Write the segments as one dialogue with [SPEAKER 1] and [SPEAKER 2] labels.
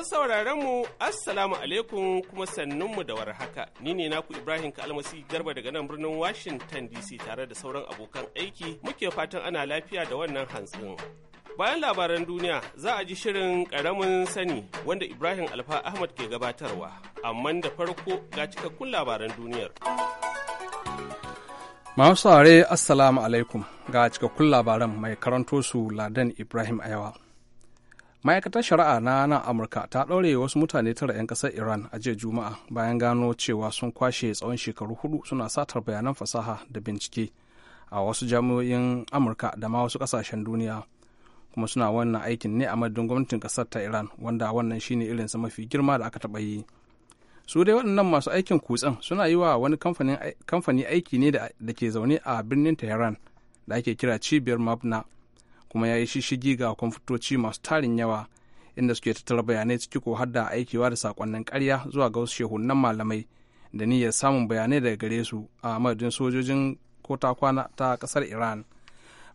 [SPEAKER 1] Masu sauraron mu Assalamu alaikum kuma sannunmu da warhaka. Ni ne naku Ibrahim Kalmasi Garba daga nan birnin Washington DC tare da sauran abokan aiki muke fatan ana lafiya da wannan hantsin. Bayan labaran duniya za a ji shirin ƙaramin sani wanda Ibrahim Alfa Ahmad ke gabatarwa, amma da farko ga cikakkun labaran duniyar.
[SPEAKER 2] Masu saurare Assalamu alaikum ga cikakkun labaran mai karanto su Ladan Ibrahim Ayawa. ma'aikatar shari'a na nan amurka ta ɗaure wasu mutane tara 'yan ƙasar iran a jiya juma'a bayan gano cewa sun kwashe tsawon shekaru hudu suna satar bayanan fasaha da bincike a wasu jami'o'in amurka da ma wasu ƙasashen duniya kuma suna wannan aikin ne a madadin gwamnatin ƙasar ta iran wanda wannan shine irinsa mafi girma da aka taɓa yi su dai waɗannan masu aikin kutsen suna yi wa wani kamfani aiki ne da ke zaune a birnin tehran da ake kira cibiyar mabna kuma ya yi shishigi ga kwamfutoci masu tarin yawa inda suke tattara bayanai ciki ko har da aikewa da sakonnin karya zuwa ga wasu shehunan malamai da niyyar samun bayanai daga gare su a madadin sojojin ko ta kwana ta kasar iran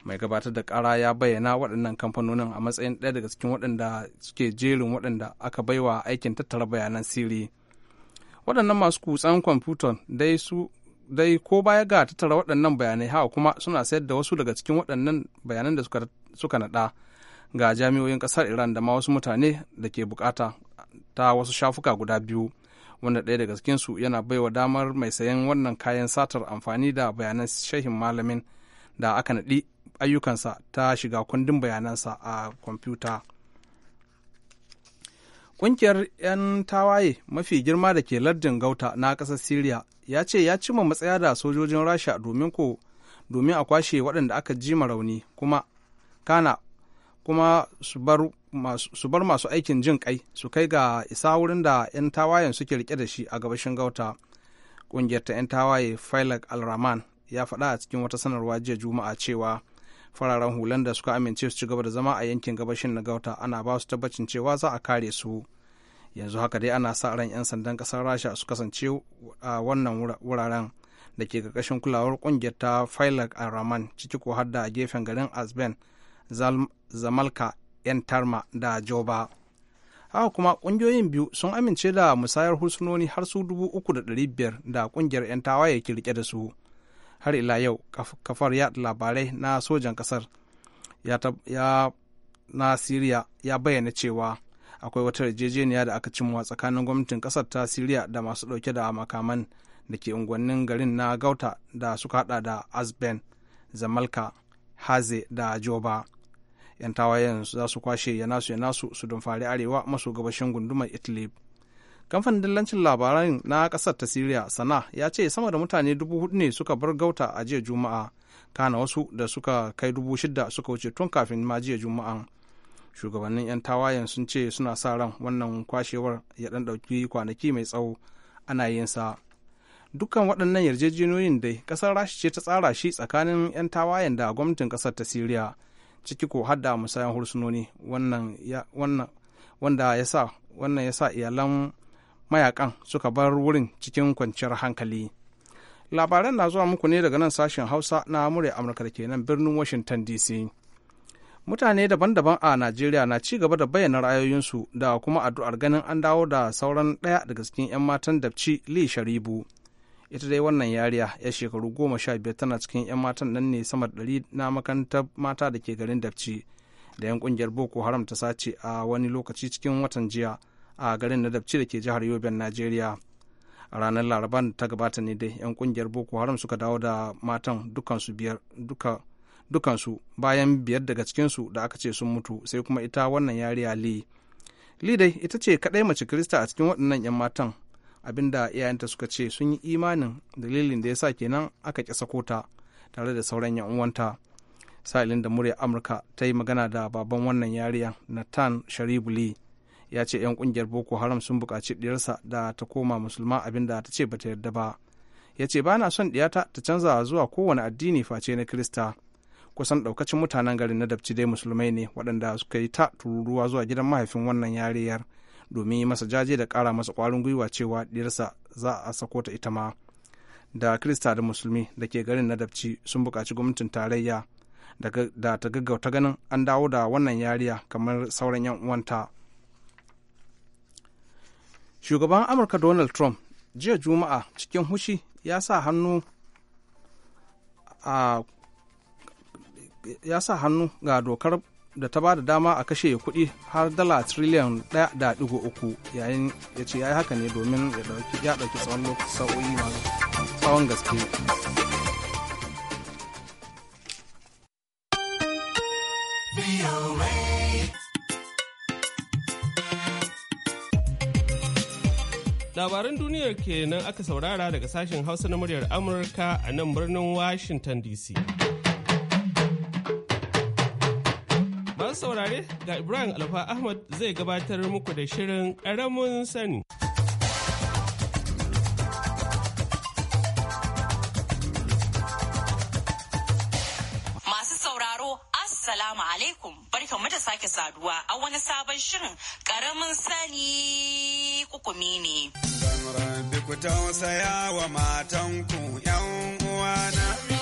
[SPEAKER 2] mai gabatar da kara ya bayyana waɗannan kamfanonin a matsayin ɗaya daga cikin waɗanda suke jerin waɗanda aka baiwa aikin tattara bayanan sirri waɗannan masu kutsan kwamfuton dai su dai ko baya ga tattara waɗannan bayanai hawa kuma suna sayar da wasu daga cikin waɗannan bayanan da suka suka naɗa ga jami'oyin ƙasar iran da ma wasu mutane da ke bukata ta wasu shafuka guda biyu wanda ɗaya daga cikinsu yana baiwa damar mai sayan wannan kayan satar amfani da bayanan shehin malamin da aka naɗi ayyukansa ta shiga kundin bayanansa a kwamfuta ƙungiyar 'yan tawaye mafi girma da ke lardin gauta na ƙasar syria ya ce ya cimma matsaya da sojojin rasha domin domin a kwashe waɗanda aka jima rauni kuma kana kuma su bar masu aikin jin kai su kai ga isa wurin da 'yan tawayen suke rike da shi a gabashin gauta kungiyar ta 'yan tawaye filak al-rahman ya faɗa a cikin wata sanarwa jiya juma'a cewa fararen hulan da suka amince su ci gaba da zama a yankin gabashin na gauta ana ba su tabbacin cewa za a kare su yanzu haka dai ana sa ran 'yan sandan kasar rasha su kasance a wannan wuraren da ke ƙarƙashin kulawar ƙungiyar ta filak al-rahman ciki ko har da gefen garin asben zamalka 'yan tarma da joba haka kuma ƙungiyoyin biyu sun amince da musayar hursunoni har su dubu uku da ɗari biyar da ƙungiyar 'yan tawaye ke rike da su har ila yau kafar yaɗa labarai na sojan ƙasar ya na siriya ya bayyana cewa akwai wata yarjejeniya da aka cimma tsakanin gwamnatin ƙasar ta siriya da masu ɗauke da makaman da ke unguwannin garin na gauta da suka haɗa da asben zamalka haze da joba 'yan tawayen za su kwashe yanasu yanasu su dumfari arewa maso gabashin gundumar idlib kamfanin dillancin labaran na kasar ta siriya sana ya ce sama da mutane dubu hudu ne suka bar gauta a jiya juma'a kana wasu da suka kai dubu shida suka wuce tun kafin ma jiya juma'a shugabannin 'yan tawayen sun ce suna sa ran wannan kwashewar ya dan dauki kwanaki mai tsawo ana yin sa dukkan waɗannan yarjejeniyoyin dai ƙasar rashi ce ta tsara shi tsakanin 'yan tawayen da gwamnatin ƙasar ta siriya ciki ko hadda musayan hursunoni wannan wanda ya sa wannan ya sa iyalan mayakan suka bar wurin cikin kwanciyar hankali labaran na zuwa muku ne daga nan sashen hausa na murya amurka da ke nan birnin washington dc mutane daban-daban a najeriya na ci gaba da bayyana ra'ayoyinsu da kuma addu'ar ganin an dawo da sauran ɗaya daga cikin 'yan matan dabci li sharibu ita dai wannan yariya ya shekaru goma sha biyar tana cikin 'yan matan nan ne sama da ɗari na makarantar mata da ke garin dabci da 'yan kungiyar boko haram ta sace a wani lokaci cikin watan jiya a garin na dabci da ke jihar yoben najeriya a ranar laraban ta gabata ne dai 'yan kungiyar boko haram suka dawo da matan dukansu biyar duka dukansu bayan biyar daga cikinsu da aka ce sun mutu sai kuma ita wannan yariya li. dai ita ce kaɗai mace kirista a cikin waɗannan 'yan matan abinda iyayenta suka ce sun yi imanin dalilin da ya sa kenan aka ƙi sako ta tare da sauran yan uwanta sa'ilin da murya amurka ta yi magana da baban wannan yariyan natan sharibuli ya ce 'yan kungiyar boko haram sun buƙaci diyarsa da ta koma musulma abinda ta ce bata yarda ba ya ce ba na son diyata ta canza zuwa kowane addini face na kirista kusan daukacin mutanen garin na dabci dai musulmai ne waɗanda suka yi ta tururuwa zuwa gidan mahaifin wannan yariyar domin yi masa jaje da kara masa kwarin gwiwa cewa ɗiyarsa za a sako ta ita ma da krista da musulmi da ke garin nadabci sun buƙaci gwamnatin tarayya da ta gaggauta ganin an dawo da wannan yariya kamar sauran 'yan uwanta shugaban amurka donald trump jiya juma'a cikin hushi ya sa hannu ya sa hannu ga dokar da ta ba da dama a kashe kuɗi har dala triliyan 1.3 yayin ya ce ya yi haka ne domin ya ɗauki tsawon lokaci tsawon gaske
[SPEAKER 1] labaran duniyar kenan aka saurara daga sashen hausa na muryar amurka a nan birnin washington dc Masu saurare ga Ibrahim Alfa Ahmad zai gabatar muku da shirin ƙaramin sani.
[SPEAKER 3] Masu sauraro, Assalamu alaikum, mu da sake saduwa a wani sabon shirin ƙaramin sani kukumi ne.
[SPEAKER 4] Zan rabi ku tausaya wa matanku 'yan uwana.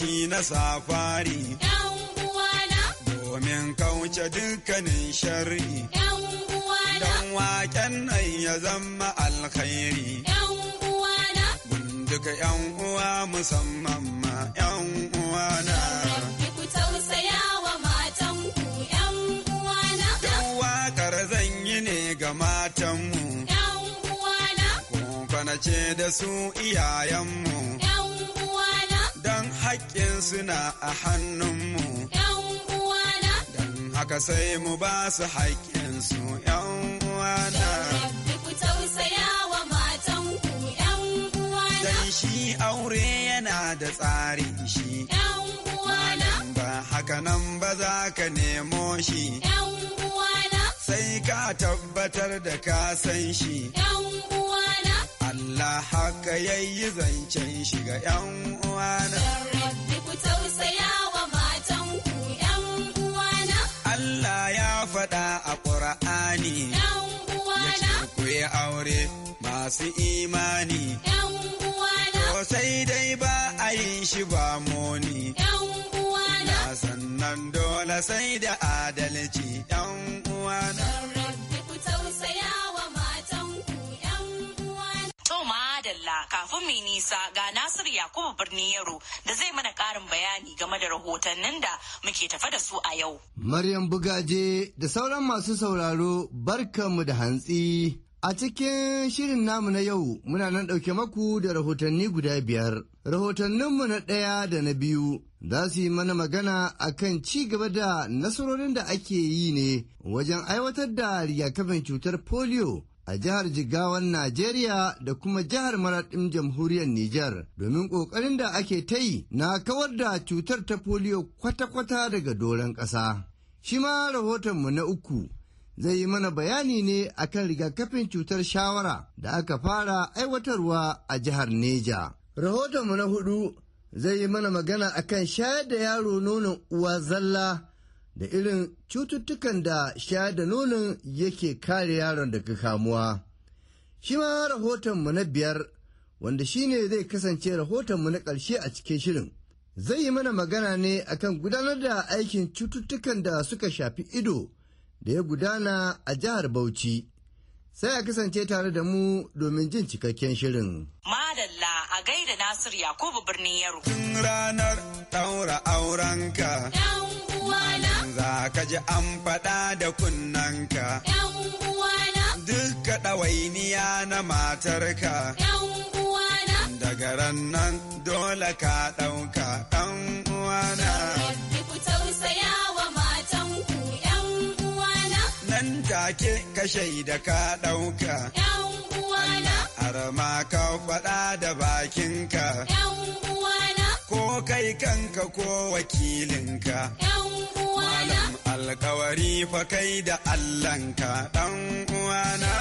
[SPEAKER 4] shi na safari. Domin kauce dukkanin shari. Dan waken nan ya zama alkhairi. Duka ‘yan uwa musamman ma ‘yan uwana. Ku zan yi ne ga matanmu.
[SPEAKER 5] ‘Yan
[SPEAKER 4] ce da su iyayenmu. haƙƙin suna a hannunmu.
[SPEAKER 5] uwana.
[SPEAKER 4] Don haka sai mu ba su haƙƙin su uwana. Dan shi aure yana da tsari shi.
[SPEAKER 3] uwana.
[SPEAKER 4] Ba haka nan ba za ka nemo shi.
[SPEAKER 5] uwana.
[SPEAKER 4] Sai ka tabbatar da ka san shi. la haka yayi zancen shiga yan uwana. Rabbi Allah ya faɗa a Ƙur'ani. Yan ku yi aure masu imani.
[SPEAKER 5] Yan Ko
[SPEAKER 4] sai dai ba a yi shi ba moni. Yan Sannan dole sai da adalci
[SPEAKER 3] yan uwana. Allah kafin mai nisa ga Nasir Yakubu Birni Yaro da zai mana ƙarin bayani game da rahotannin da muke tafa da su a yau.
[SPEAKER 6] Maryam Bugaje da sauran masu sauraro barkanmu da hantsi. A cikin shirin namu na yau muna nan ɗauke maku da rahotanni guda biyar. Rahotanninmu na ɗaya da na biyu za su yi mana magana a kan ci gaba da nasarorin da ake yi ne wajen aiwatar da rigakafin cutar polio a jihar Jigawan Najeriya da kuma jihar Maraɗin Jamhuriyar Nijar domin ƙoƙarin da ake ta yi na kawar da cutar ta foliyo kwata-kwata daga doron ƙasa. Shi ma rahotonmu na uku zai yi mana bayani ne akan rigakafin cutar shawara da aka fara aiwatarwa a jihar Neja. Rahotonmu na hudu zai yi mana magana akan shayar da yaro nonon uwa zalla. da irin cututtukan da sha da nonon yake kare yaron daga kamuwa. Shi ma rahoton mu na biyar, wanda shi ne zai kasance rahoton mu na ƙarshe a cikin shirin, zai yi mana magana ne akan gudanar da aikin cututtukan da suka shafi ido da ya gudana a jihar Bauchi. sai a kasance tare da mu domin jin cikakken shirin.
[SPEAKER 3] Madalla a gaida nasir Yakubu birnin Yaro. Tun
[SPEAKER 4] ranar ɗaura aurenka. uwana. Za ka ji an faɗa da kunnanka. uwana. Dukka ɗawainiya na matarka. uwana. Daga ran dole ka ɗauka ɗan uwana. Rabbi
[SPEAKER 3] ku tausaya
[SPEAKER 4] take ka shaida ka ɗauka. Arama ka faɗa da bakinka. Ko kai kanka ko wakilinka.
[SPEAKER 3] Malam
[SPEAKER 4] alkawari fa kai da Allahnka ɗan
[SPEAKER 6] uwana.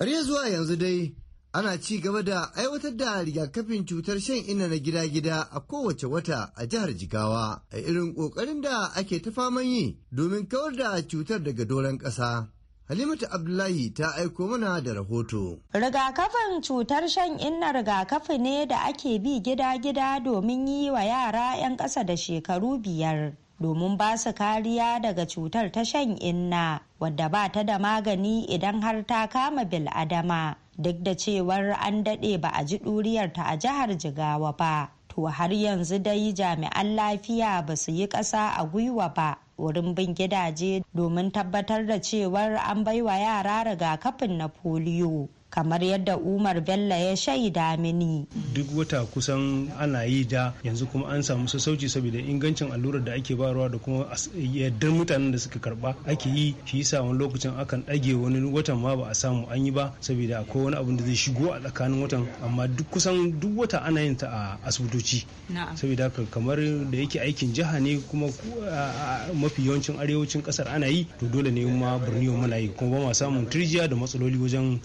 [SPEAKER 6] Har zuwa yanzu dai ana ci gaba da aiwatar da rigakafin cutar shan ina na gida-gida a kowace wata a jihar Jigawa a irin ƙoƙarin da ake ta faman yi domin kawar da cutar daga doron ƙasa. Halimatu Abdullahi ta aiko mana da rahoto. Rigakafin cutar shan
[SPEAKER 7] inna rigakafi ne da ake bi gida-gida domin yi wa yara 'yan ƙasa da shekaru biyar. domin ba su kariya daga cutar ta shan inna wadda ba ta da magani idan har ta kama bil'adama. duk da cewar an daɗe ba a ji ɗuriyarta a jihar jigawa ba to har yanzu dai jami'an lafiya ba su yi ƙasa a gwiwa ba wurin bin gidaje domin tabbatar da cewar an baiwa yara rigakafin na polio kamar yadda umar bello ya shaida mini
[SPEAKER 8] duk wata kusan ana yi da yanzu kuma an samu sassauci saboda ingancin allurar da ake bayarwa da kuma yardar mutanen da suka karba ake yi shi yasa wani lokacin akan dage wani watan ma ba a samu an yi ba saboda akwai wani abin da zai shigo a tsakanin watan amma duk kusan duk wata ana yin ta a asibitoci saboda kamar da yake aikin jiha ne kuma mafi yawancin arewacin kasar ana yi to dole ne ma birni muna yi kuma ba ma samun turjiya da matsaloli wajen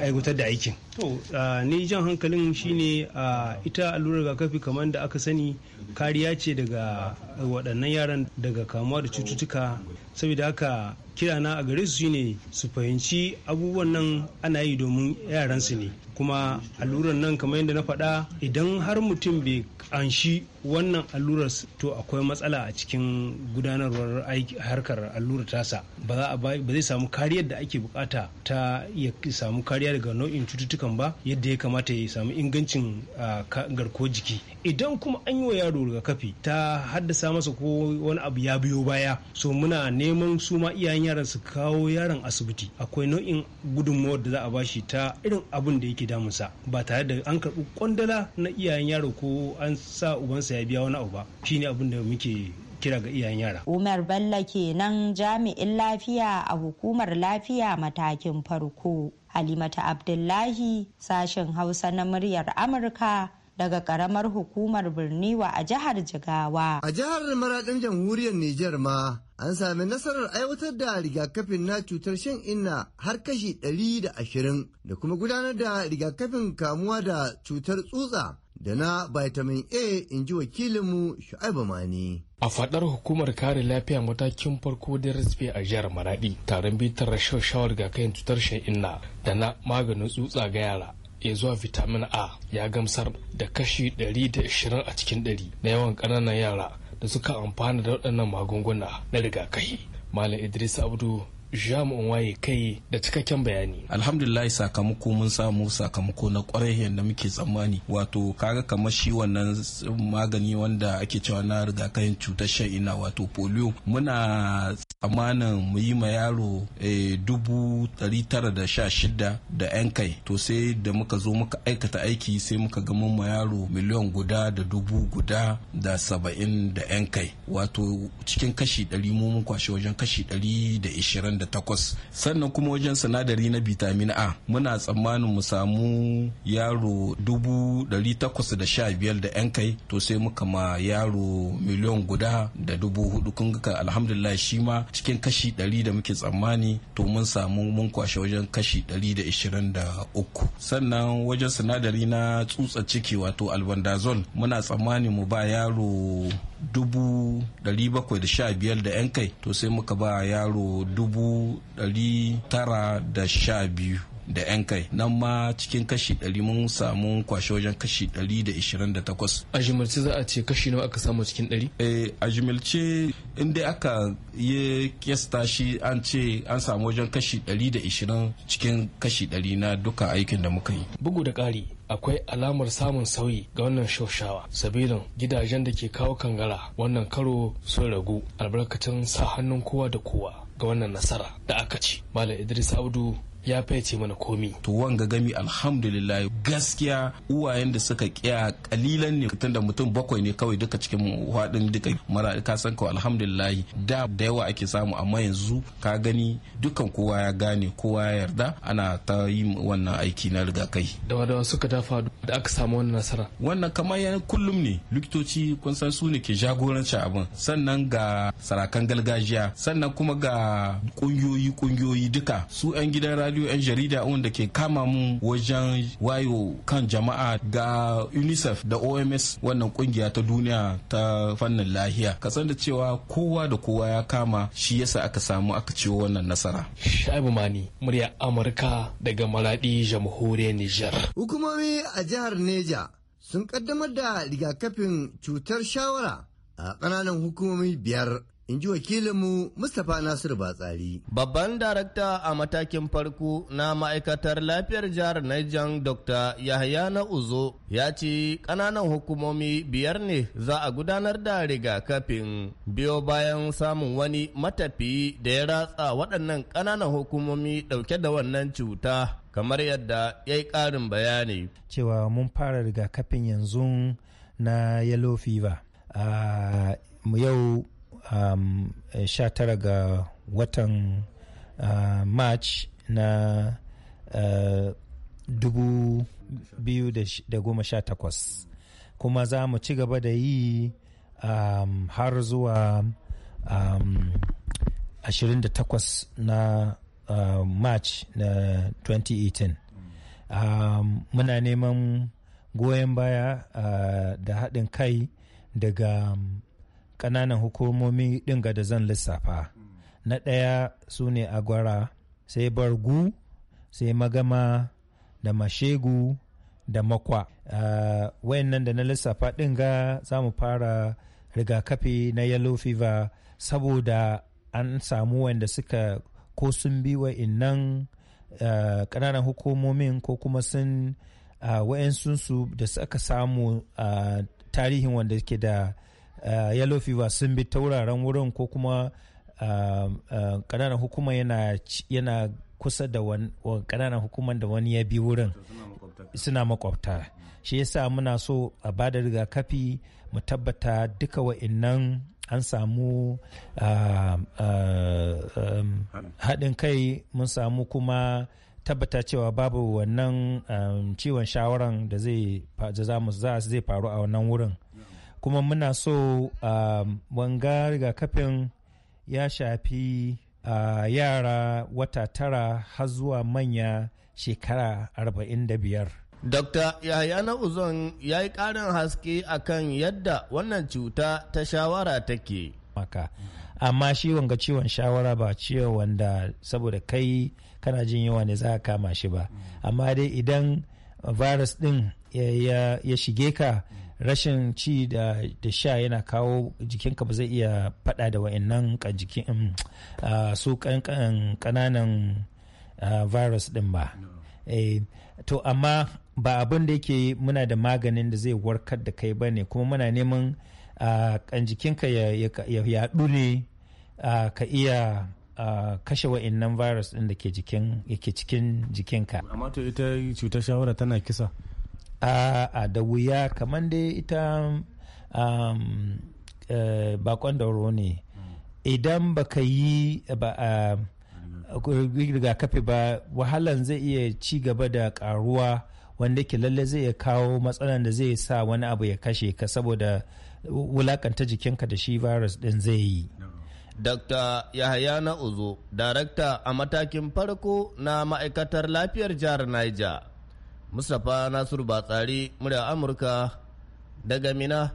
[SPEAKER 8] aiwatar da aikin to ni jan hankalin shine ita allurar rigakafi kamar da aka sani kariya ce daga waɗannan yaran daga kamuwa da cututtuka saboda haka kirana a gare su ne su fahimci abubuwan nan ana yi domin yaransu ne kuma allurar nan kamar yadda na faɗa idan har mutum bai anshi wannan allurar to akwai matsala a cikin gudanarwar harkar allurar tasa ba za a zai samu kariyar da ake bukata ta ya samu kariya daga nau'in cututtukan ba yadda ya kamata ya samu ingancin garkuwar jiki idan kuma an yi wa yaro rigakafi ta haddasa masa ko wani abu ya biyo baya so muna neman su ma iyayen yaran su kawo yaron asibiti akwai nau'in gudunmawar da za a bashi ta irin abin da yake damunsa ba tare da an karɓi kwandala na iyayen yaro ko an sa ubansa ya biya wani abu ba shine abin da muke kira ga iyayen yara.
[SPEAKER 7] Umar Bello kenan jami'in lafiya a hukumar lafiya matakin farko. Halimata Abdullahi sashen Hausa na muryar Amurka daga karamar hukumar birniwa a jihar jigawa
[SPEAKER 6] a jihar maradin jamhuriyar niger ma an sami nasarar aiwatar da rigakafin na cutar shan inna har kashi 120 da kuma gudanar da rigakafin kamuwa da cutar tsutsa da na vitamin a in ji wakilinmu shu'aibu mani a fadar hukumar kare lafiya matakin farko
[SPEAKER 9] da rasfe a jihar maradi taron bitar rashawar kayan cutar shan inna da na maganin tsutsa ga yara ya zuwa vitamin a ya gamsar da kashi 120 a cikin 100 na yawan ƙananan yara da suka amfana da waɗannan magunguna na rigakafi malam idris abdu jami'in waye kai da cikakken bayani alhamdulillah sakamako mun samu sakamako na kwarai yadda muke tsammani wato kaga kamar shi wannan magani wanda ake cewa na rigakafin cutar sha'ina wato polio muna tsammanin mu yi ma yaro eh, dubu dari tara da sha shida da yan kai to sai da muka zo muka aikata aiki sai muka ga mun ma yaro miliyan guda da dubu guda da saba'in da yan kai wato cikin kashi ɗari mu mun kwashe wajen kashi ɗari da ishirin takwas sannan kuma wajen sinadari na vitamin a muna tsammanin mu samu yaro dubu dari takwas da sha biyar da yan kai to sai muka ma yaro miliyon guda da dubu hudu kun ga alhamdulillah shi ma cikin kashi dari da muke tsammani to mun samu mun kwashe wajen kashi dari da ishirin da uku sannan wajen sinadari na tsutsa ciki wato albandazol muna tsammanin mu ba yaro dubu bakwai da sha biyar da 'yan kai to sai muka ba yaro dubu tara da sha biyu da 'yan kai nan ma cikin kashi 100 mun samu kwashe wajen kashi 128 a jimilce za a ce kashi nawa aka samu cikin 100 eh a jimilce inda aka yi kesta shi an ce an samu wajen kashi 120 cikin kashi 100 na duka aikin da muka yi bugu da ƙari akwai alamar samun sauyi ga wannan shaushawa sabilin gidajen da ke kawo kangara wannan karo sun ragu albarkacin sa hannun kowa da kowa ga wannan nasara da aka ci malam idris audu ya faice mana komi to wanga gami alhamdulillah gaskiya uwayen da suka kiya kalilan ne tunda mutum bakwai ne kawai duka cikin hadin duka mara ka san ko alhamdulillah da da yawa ake samu amma yanzu ka gani dukan kowa ya gane kowa ya yarda ana ta yi wannan aiki na rigakai da wadawa suka dafa da aka samu wannan nasara wannan kamar ya kullum ne likitoci kun san su ne ke jagoranci abin sannan ga sarakan gargajiya sannan kuma ga kungiyoyi kungiyoyi duka su 'yan gidan radio 'yan jarida wanda ke kama mu wajen wayo kan jama'a ga unicef da oms wannan kungiya ta duniya ta fannin lahiya ka san da cewa kowa da kowa ya kama shi yasa aka samu aka ciwo wannan nasara shaibu mani murya amurka daga maradi jamhuriyar nijar
[SPEAKER 6] hukumomi a jihar neja sun kaddamar da rigakafin cutar shawara a ƙananan hukumomi biyar in ji wakilinmu Mustapha Nasiru Batsari. Babban darakta a matakin farko na ma'aikatar lafiyar jihar Niger Dr. Yahaya
[SPEAKER 9] na Uzo ya ce ƙananan hukumomi biyar ne za a gudanar da rigakafin biyo bayan samun wani matafi da ya ratsa waɗannan ƙananan hukumomi ɗauke da wannan cuta kamar yadda ya yi ƙarin bayani.
[SPEAKER 10] Cewa mun fara rigakafin yanzu na yellow fever. Uh, yau um, 19 ga watan uh, march na uh, 2018 kuma za mu ci gaba da yi um, har zuwa um, 28 na uh, march na 2018 um, muna neman goyon baya uh, da haɗin kai daga um, ƙananan hukumomi dinga da zan lissafa na ɗaya su ne agwara sai bargu sai magama da mashegu da makwa uh, nan da na lissafa dinga ga za mu fara rigakafi na yellow fever saboda an samu wanda suka ko sun bi wa wa'innan uh, ƙananan hukumomin ko kuma sun uh, da suka samu uh, tarihin wanda ke da Eh, yellow fever sun bi tauraron wurin ko kuma eh, eh, ƙananan hukuma yana kusa da ƙananan hukuman da wani ya bi wurin suna makwabta shi yasa muna so a ba da rigakafi mu tabbata duka innan an samu ah, ah, um, haɗin kai mun samu kuma tabbata cewa babu wannan um, ciwon shawaran da zai faru a wannan wurin kuma muna so um, wanga rigakafin ya shafi uh, yara wata tara har zuwa manya shekara arba'in da 45 Dr.
[SPEAKER 9] Yahaya Uzon ya yi karin haske akan yadda wannan cuta ta shawara
[SPEAKER 10] take. Maka, amma shi wanga ciwon shawara ba ciwon wanda saboda kai kana jin yawa ne za ka kama shi ba. Amma dai idan virus din ya shige ka rashin ci da, sha yana kawo jikinka ba zai iya fada da wa'annan kan jikin um, uh, su kananan uh, virus din ba eh, to amma ba abin da yake muna da maganin da zai warkar da kai ba ne kuma muna neman uh, kan jikinka ya yaɗu ne ka iya Uh, kashe wa'annan virus ɗin da ke cikin jikinka. Amma to ita cutar shawara tana kisa? a da wuya kamar dai ita e, bakon da bakon ne idan baka yi ba a rigakafi ba wahalan zai iya ci gaba da karuwa wanda ke lalle zai kawo matsalan da zai sa wani abu ya kashe ka saboda wulakanta jikinka da shi virus din zai yi
[SPEAKER 9] Dr. Yahaya Uzo, darakta a matakin farko na ma'aikatar lafiyar jihar Niger. mustapha nasiru batsari murya amurka daga mina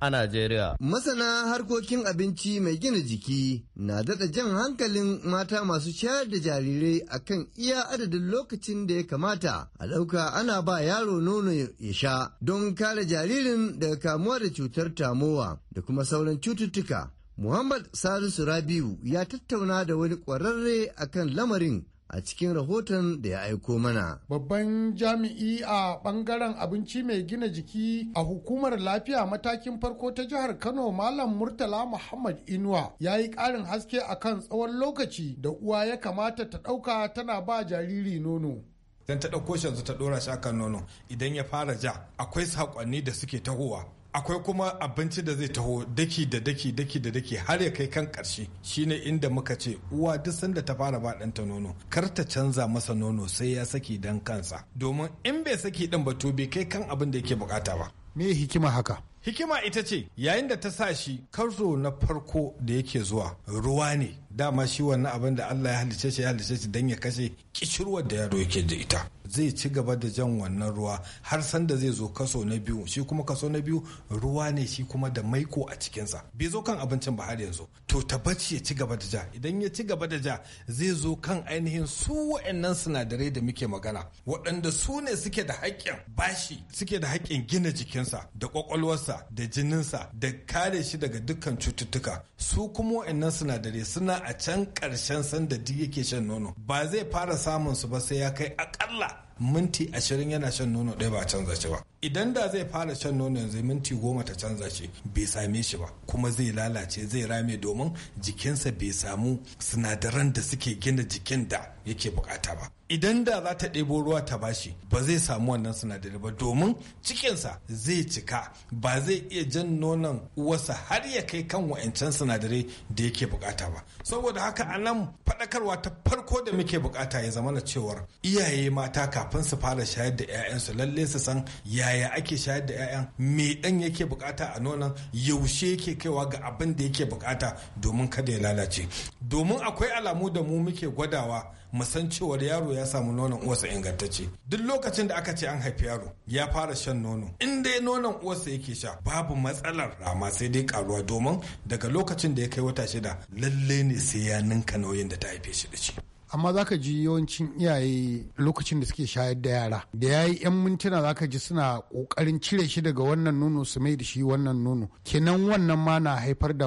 [SPEAKER 9] a Najeriya.
[SPEAKER 6] Masana harkokin abinci mai gina jiki na daɗa jan hankalin mata masu shayar da jarirai akan iya adadin lokacin da ya kamata a ɗauka ana ba yaro nono ya sha don kare jaririn daga kamuwa da cutar tamowa da kuma sauran cututtuka. Muhammad Salisu Rabiu ya tattauna da wani ƙwararre akan lamarin a cikin rahoton da ya aiko mana. Babban jami'i a
[SPEAKER 11] bangaren abinci mai gina jiki a hukumar lafiya matakin farko ta jihar Kano Malam Murtala Muhammad Inuwa ya yi ƙarin haske akan tsawon lokaci da uwa ya
[SPEAKER 12] kamata ta ɗauka tana ba jariri nono. Idan ta ɗauko shi ta ɗora shi akan nono idan ya fara ja akwai saƙonni da suke tahowa akwai kuma abinci da zai taho daki da daki daki da daki har ya kai kan karshe shine inda muka ce uwa duk sanda ta fara ba ɗanta nono kar ta canza masa nono sai ya saki dan kansa domin in bai saki ɗin ba bai kai kan abin da yake bukata ba me hikima haka hikima ita ce yayin da ta sa shi karzo na farko da yake zuwa ruwa ne dama shi wannan abin da Allah ya halice shi ya halice shi dan ya kashe kishirwar da yaro yake da ita zai ci gaba da jan wannan ruwa har sanda zai zo kaso na biyu shi kuma kaso na biyu ruwa ne shi kuma da maiko a cikinsa bai zo kan abincin ba har yanzu to tabbaci ya ci gaba da ja idan ya ci gaba da ja zai zo kan ainihin su wa'annan sinadarai da muke magana waɗanda su ne suke da haƙƙin bashi suke da haƙƙin gina jikinsa da ƙwaƙwalwarsa da jininsa da kare shi daga dukkan cututtuka su kuma wa'annan sinadarai suna a can ƙarshen sanda duk yake shan nono ba zai fara samun su ba sai ya kai akalla minti ashirin yana shan nono ɗaya ba a canza shi ba idan da zai fara shan nono yanzu minti goma ta canza shi bai same shi ba kuma zai lalace zai rame domin jikinsa bai samu sinadaran da suke gina jikin da yake bukata ba idan da za ta ɗebo ruwa ta bashi ba zai samu wannan sinadari ba domin cikinsa zai cika ba zai iya jan nonon uwarsa har ya kai kan wa'ancan sinadarai da yake bukata ba saboda haka a nan faɗakarwa ta farko da muke bukata ya zama na cewar iyaye mata kafin su fara shayar da 'ya'yansu lalle su san yaya yaya ake shayar da 'ya'yan me dan yake bukata a nonon yaushe yake kaiwa ga abin da yake bukata domin kada ya lalace domin akwai alamu da mu muke gwadawa mu san cewar yaro ya samu nonon uwarsa ingantacce duk lokacin da aka ce an haifi yaro ya fara shan nono in dai nonon uwarsa yake sha babu matsalar rama sai dai karuwa domin daga lokacin da ya kai wata shida lalle ne sai ya ninka nauyin da ta haife shi da shi
[SPEAKER 11] amma za ka ji yawancin iyaye lokacin da suke shayar da yara da ya yi yan mintuna za ka ji suna kokarin cire shi daga wannan nono su mai da shi wannan nono kenan wannan ma na haifar da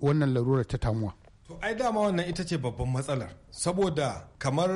[SPEAKER 11] wannan larurar ta tamuwa
[SPEAKER 12] To ai dama wannan ita ce babban matsalar saboda kamar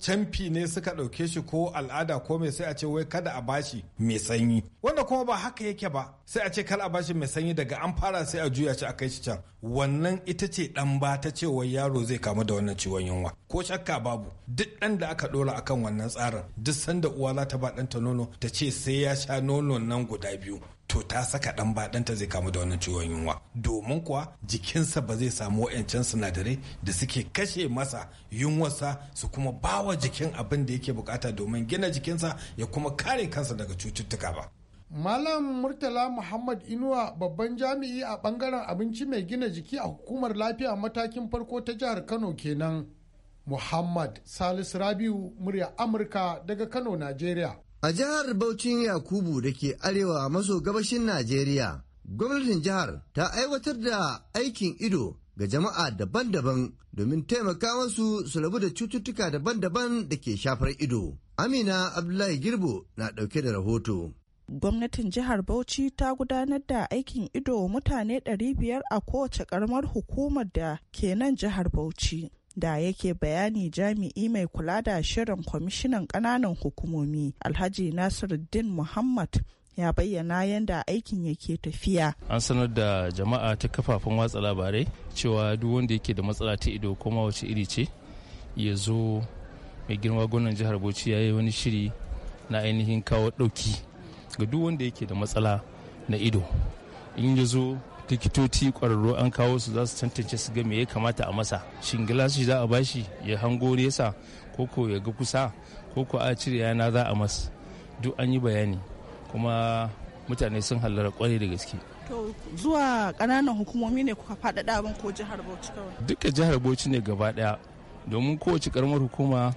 [SPEAKER 12] camfi ne suka ɗauke shi ko al'ada ko mai sai a ce wai kada a bashi mai sanyi wanda kuma ba haka yake ba sai a ce kada a bashi mai sanyi daga an fara sai a juya shi a kai shi can wannan ita ce ɗan ba ta cewa yaro zai kamu da wannan ciwon yunwa ko shakka babu duk ɗan da aka ɗora akan wannan tsarin duk sanda uwa za ta ba ɗanta nono ta ce sai ya sha nono nan guda biyu to ta saka dan ba zai kamu da wannan ciwon yunwa domin kuwa jikinsa ba zai samu wayancan sinadarai da suke kashe masa yunwarsa su kuma bawa jikin abin da yake bukata domin gina jikinsa ya kuma kare kansa daga cututtuka ba
[SPEAKER 11] Malam Murtala Muhammad Inuwa babban jami'i a bangaren abinci mai gina jiki a hukumar lafiya matakin farko ta jihar Kano kenan. Muhammad Salisu Rabiu murya Amurka daga Kano, nigeria. A jihar
[SPEAKER 6] Bauchin Yakubu da ke arewa maso gabashin Najeriya, gwamnatin jihar ta aiwatar da aikin ido ga jama'a daban-daban domin taimaka masu su rabu da cututtuka daban-daban da ke shafar ido. Amina Abdullahi Girbo na ɗauke da rahoto.
[SPEAKER 7] Gwamnatin jihar Bauchi ta gudanar da aikin ido mutane 500 a kowace karamar hukumar da ke nan jihar Bauchi. da yake bayani jami'i mai kula da shirin kwamishinan kananan hukumomi alhaji nasiruddin muhammad ya bayyana yadda aikin yake tafiya.
[SPEAKER 13] An sanar da jama'a ta kafafen watsa labarai cewa duk wanda yake da matsala ta ido kuma wace iri ce ya zo mai girma gwamnan jihar Bauchi ya yi wani shiri na ainihin kawo ɗauki ga duk wanda yake da matsala na ido. In ya zo likitoci kwararru an kawo su za su tantance su ga me ya kamata a masa shin gilashi za a bashi ya hango nesa ko ko ya ga kusa ko ko a cire yana za a masa duk an yi bayani kuma mutane sun hallara kwarai da gaske
[SPEAKER 7] zuwa kananan hukumomi ne kuka faɗaɗa abin ko jihar bauchi kawai
[SPEAKER 13] duka jihar bauchi ne gaba ɗaya domin kowace karamar hukuma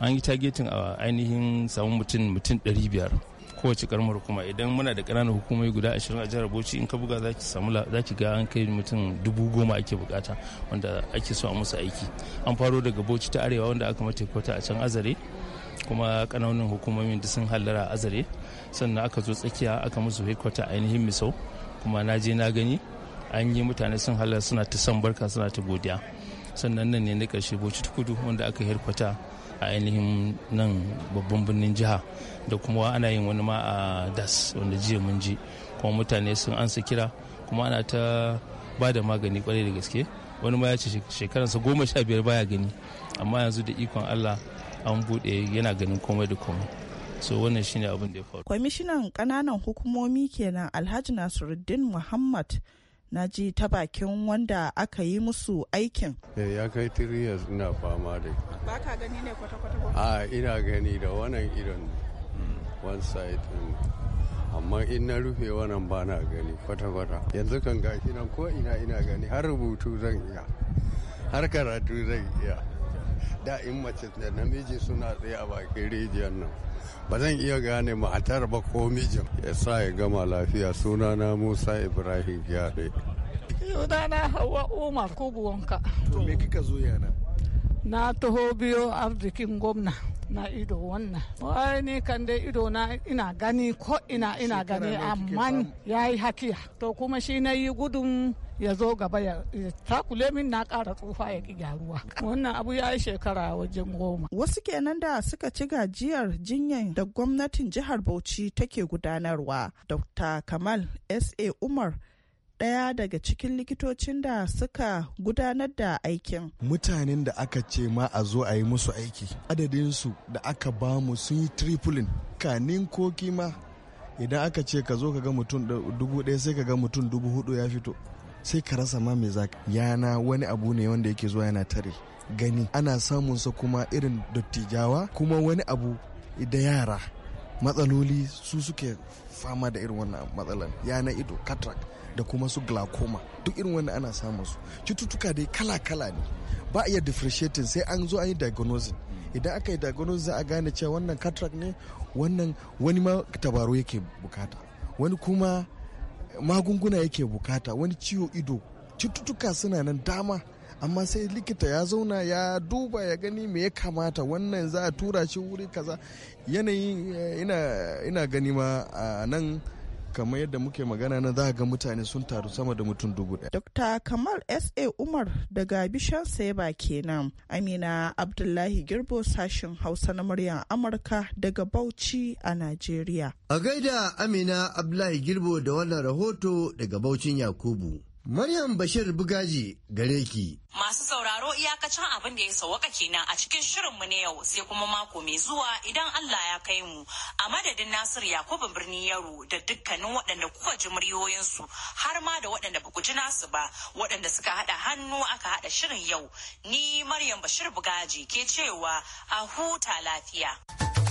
[SPEAKER 13] an yi targeting a ainihin samun mutum mutum 500 kowace karmar kuma idan muna da ƙananan hukumai guda ashirin a jihar bauchi in ka buga za ki samu za ki ga an kai mutum dubu goma ake bukata wanda ake so a musu aiki an faro daga bauchi ta arewa wanda aka mata kwata a can azare kuma kananan hukumomin da sun hallara azare sannan aka zo tsakiya aka musu headquarter ainihin misau kuma na je na gani an yi mutane sun hallara suna ta san barka suna ta godiya sannan nan ne na karshe bauchi ta kudu wanda aka headquarter a ainihin nan babban birnin jiha da kuma ana yin wani ma a das wanda jiya mun ji kuma mutane sun ansa kira kuma ana ta ba da magani kwarai da gaske wani ma ya ce shekaransa goma sha biyar baya gani amma yanzu da ikon allah an buɗe yana ganin komai da komai so wannan shine abin da ya faru
[SPEAKER 7] kwamishinan kananan hukumomi kenan alhaji nasiruddin muhammad na ji ta bakin wanda aka yi musu aikin.
[SPEAKER 6] Eh, ya kai three ina fama da ba
[SPEAKER 7] ka gani ne kwata-kwata ba a ah,
[SPEAKER 6] ina gani da wannan irin one side amma in na rufe wannan ba na gani kwata-kwata yanzu kan gashi nan ko ina ina gani har rubutu zan iya har karatu zan iya da in mace da namiji suna tsaye a bakin rijiyar nan ba zan iya gane matar ba ko mijin ya sa ya gama lafiya sunana musa ibrahim gyare
[SPEAKER 7] na hawa umar kubuwanka
[SPEAKER 11] to me kika zo yana
[SPEAKER 7] na taho biyo arzikin gwamna na ido wannan wai ni kan dai ido na ina gani ko ina ina gani amma ya yi hakiya to kuma shi na yi gudun ya zo gaba ya takule min na ƙara tsufa ya ki gyaruwa wannan abu ya yi shekara wajen goma wasu kenan da suka ci gajiyar jinyar da gwamnatin jihar bauchi take gudanarwa dr kamal sa umar ɗaya daga cikin likitocin da suka gudanar da aikin.
[SPEAKER 11] Mutanen da aka ce ma a zo a yi musu aiki, adadinsu da aka ba mu sun yi tripling, kanin ko kima idan aka ce ka zo ka ga mutum dubu ɗaya sai ka ga mutum dubu hudu ya fito. sai ka rasa ma mai zaka yana wani abu ne wanda yake zuwa yana tare gani ana samun sa kuma irin dattijawa kuma wani abu da yara matsaloli su suke fama da irin wannan matsalan yana ido katrak da kuma su glaucoma duk irin wannan ana samun su cututtuka dai kala-kala ne ba a iya differentiating sai an zo an yi diagnosing idan aka yi diagnosis za a gane cewa wannan cataract ne wannan wani ma tabaro yake bukata wani kuma magunguna yake bukata wani ciwo ido cututtuka suna nan dama amma sai likita ya zauna ya duba ya gani me ya kamata wannan za a tura shi wuri kaza yanayi eh, ina gani ma a nan kamar yadda muke magana na za ga mutane sun taru sama da mutum dubu ɗaya.
[SPEAKER 7] Dokta Kamal S.A. Umar daga Bishan Seba kenan. Amina Abdullahi Girbo sashen Hausa na muryar Amurka daga Bauchi a Najeriya.
[SPEAKER 6] A gaida Amina Abdullahi Girbo da wannan rahoto daga Baucin Yakubu. Maryam Bashir Bugaji gare ki.
[SPEAKER 3] Masu sauraro iyakacin abin da ya sauwaka kenan a cikin shirin mu na yau sai kuma mako mai zuwa idan Allah ya kai mu. A madadin Nasiru Yakubu Birni Yaro da dukkanin waɗanda kuka ji muryoyinsu har ma da waɗanda ba ku ji nasu ba waɗanda suka haɗa hannu aka haɗa shirin yau. Ni Maryam Bashir Bugaji ke cewa a huta lafiya.